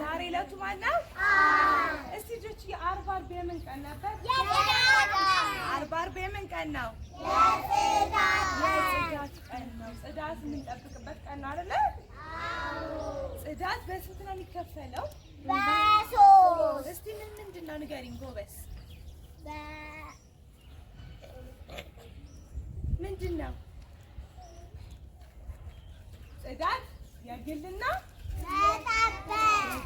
ዛሬ ዕለቱ ማን ነው? እስቲ ልጆች የአርብ አርብ የምን ቀን ነበር? አርብ አርብ የምን ቀን ነው? የጽዳት ቀን ነው። ጽዳት የምንጠብቅበት ቀን ነው አይደለ? ጽዳት በስንት ነው የሚከፈለው? በሶስት። እስቲ ምን ምንድን ነው ንገሪኝ ጎበስ። ምንድን ነው ጽዳት? የግልና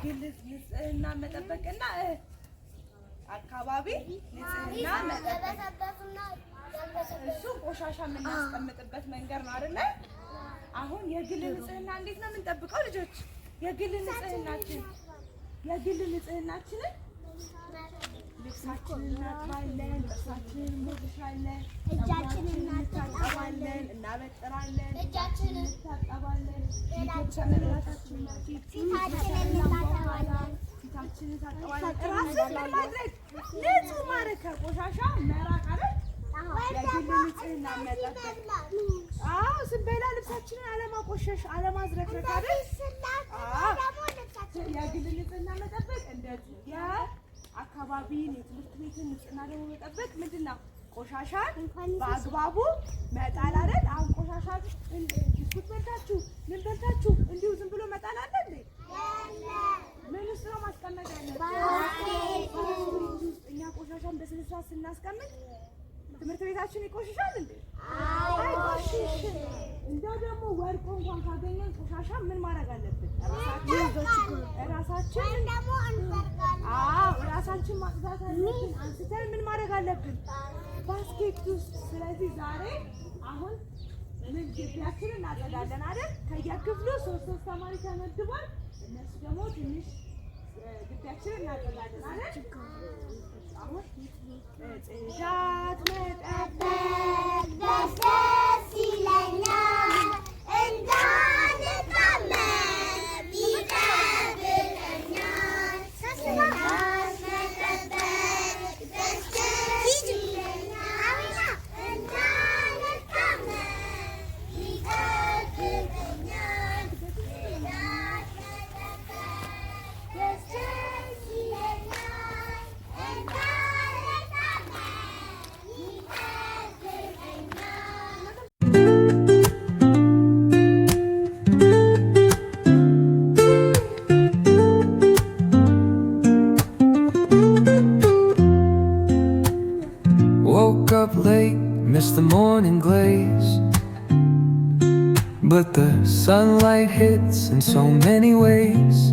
ግልጽ ንጽህና መጠበቅና አካባቢ ንጽህና እሱ ቆሻሻ የምናስቀምጥበት መንገድ ነው አይደለ? አሁን የግል ንጽህና እንዴት ነው የምንጠብቀው? ልጆች የግል ንጽህናችን የግል ንጽህናችንን ልብሳችንን እናጥባለን፣ ጥርሳችንን እንቦግሻለን፣ እጃችንን እናጠባለን፣ እናበጥራለን፣ እጃችንን እንታጠባለን፣ ፊታችንን እናጠባለን፣ ፊታችንን ታጠባለን። ስንበላ ልብሳችንን አለማቆሸሽ፣ አለማዝረክረክ አይደል? የግል ንጽህና መጠበቅ እንደዚህ አካባቢን የትምህርት ቤትን ንጽህና ደግሞ መጠበቅ ምንድን ነው? ቆሻሻን በአግባቡ መጣል አይደል? አሁን ቆሻሻን ቢስኩት በልታችሁ ምን በልታችሁ እንዲሁ ዝም ብሎ መጣል አለ እንዴ? ምን ውስጥ ነው ማስቀመጥ ያለ? እኛ ቆሻሻን በስነ ስርዓት ስናስቀምጥ ትምህርት ቤታችን ይቆሽሻል እንዴ? አይቆሽሽም። እንደው ደግሞ ወርቆ እንኳን ካገኘን ቆሻሻ ምን ማድረግ አለብን? ራሳችን ራሳችን ማጽዳት አለብን። አንስተን ምን ማድረግ አለብን? ባስኬት ውስጥ። ስለዚህ ዛሬ አሁን ምን ግቢያችን እናጸዳለን አይደል? ከየክፍሉ ሶስት ሶስት ተማሪ ተመድቧል። እነሱ ደግሞ ትንሽ ግቢያችንን እናጸዳለን አይደል? አሁን ጽዳ miss the morning glaze But the sunlight hits in so many ways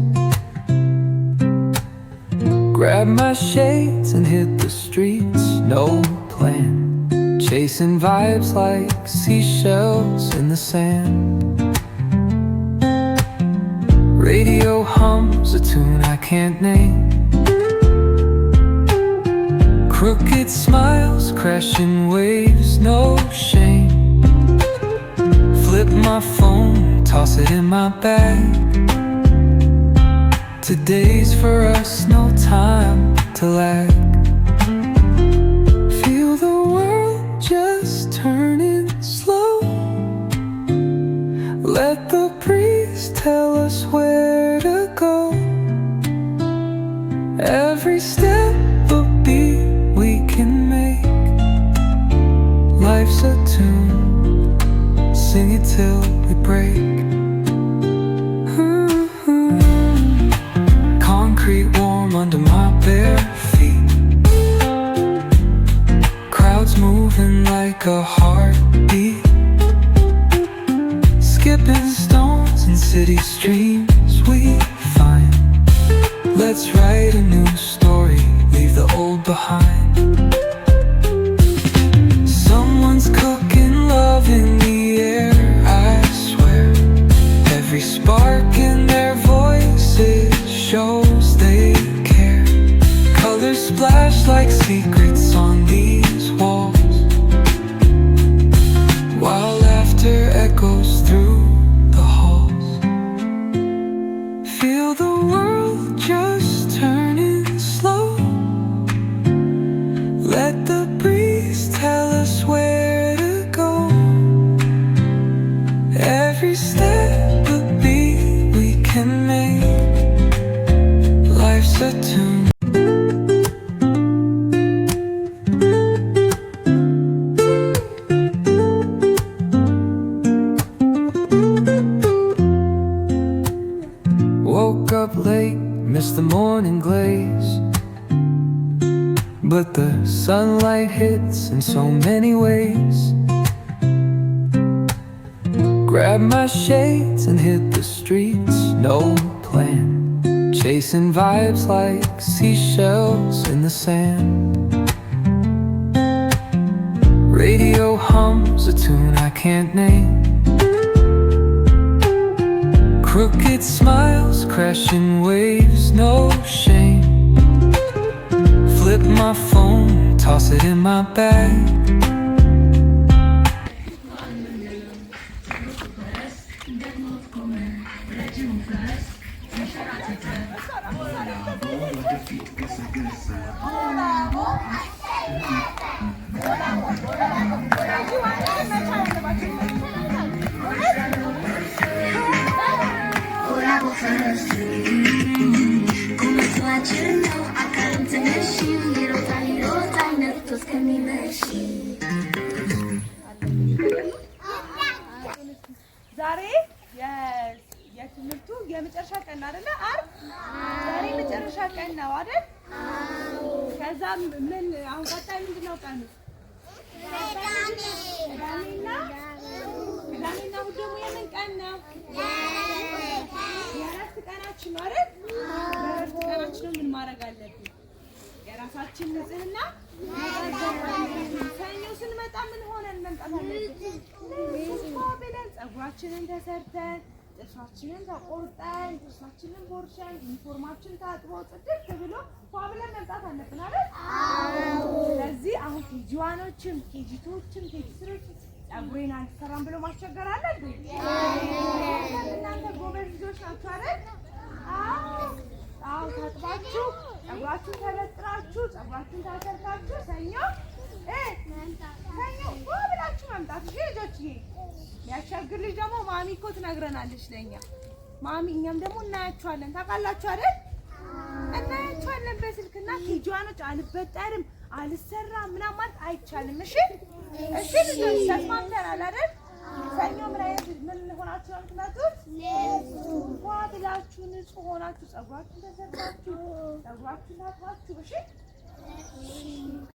Grab my shades and hit the streets, no plan Chasing vibes like seashells in the sand Radio hums a tune I can't name Crooked smiles, crashing waves, no shame Flip my phone, toss it in my bag Today's for us, no time to lag sing it till we break. Mm-hmm. Concrete warm under my bare feet. Crowds moving like a heartbeat. Skipping stones in city streams we find. Let's write a new story, leave the old behind. secrets woke up late, missed the morning glaze But the sunlight hits in so many ways Grab my shades and hit the streets, no plan Chasing vibes like seashells in the sand Radio hums a tune I can't name Crooked smiles, crashing waves, no shame Flip my phone, toss it in my bag ዛሬ የትምህርቱ የመጨረሻ ቀን አይደለ? አርብ ዛሬ መጨረሻ ቀን ነው አይደል? ከዛም ምን አሁን ቀጣይ ምንድን ነው ቀኑ? ቅዳሜና እሑድ ደግሞ የምን ቀን ነው? ቀናችን ማለት በእረፍት ቀናችን ምን ማድረግ አለብን? የራሳችን ንጽህና ሰኞ ስንመጣ ምን ሆነን መምጣት ብለን ፀጉራችንን ተሰርተን ጥርሳችንን ተቆርጠን ጥርሳችንን ቦርሸን ዩኒፎርማችን ታጥቦ ጽድት ብሎ ብለን መምጣት አለብን አይደል? ስለዚህ አሁን ኬጂዋኖችም ኬጂቶችም ኬጂ ጸጉሬን አልሰራም ብሎ ማስቸገር አለ እንዴ? እናንተ ጎበዝ ልጆች ናችሁ አይደል? አዎ፣ ታጥባችሁ ጸጉራችሁን ተነጥራችሁ ጸጉራችሁን ታሰርታችሁ ሰኞ ሰኞ ብላችሁ መምጣት እሺ ልጆች። የሚያስቸግር ልጅ ደግሞ ማሚ እኮ ትነግረናለች ለእኛ ማሚ፣ እኛም ደግሞ እናያችኋለን። ታውቃላችሁ አይደል? እናያችኋለን በስልክ እና ኬጂዋኖች አልበጠርም አልሰራ ምናምን ማለት አይቻልም። እሺ እሺ ልጆች ተስማምተናል አይደል? ሰኞ ምን አይነት ምን ሆናችሁ ነው የምትመጡት? ዋ ብላችሁ ንጹህ ሆናችሁ ጸጉራችሁ ተሰርታችሁ ጸጉራችሁ ናፋችሁ እሺ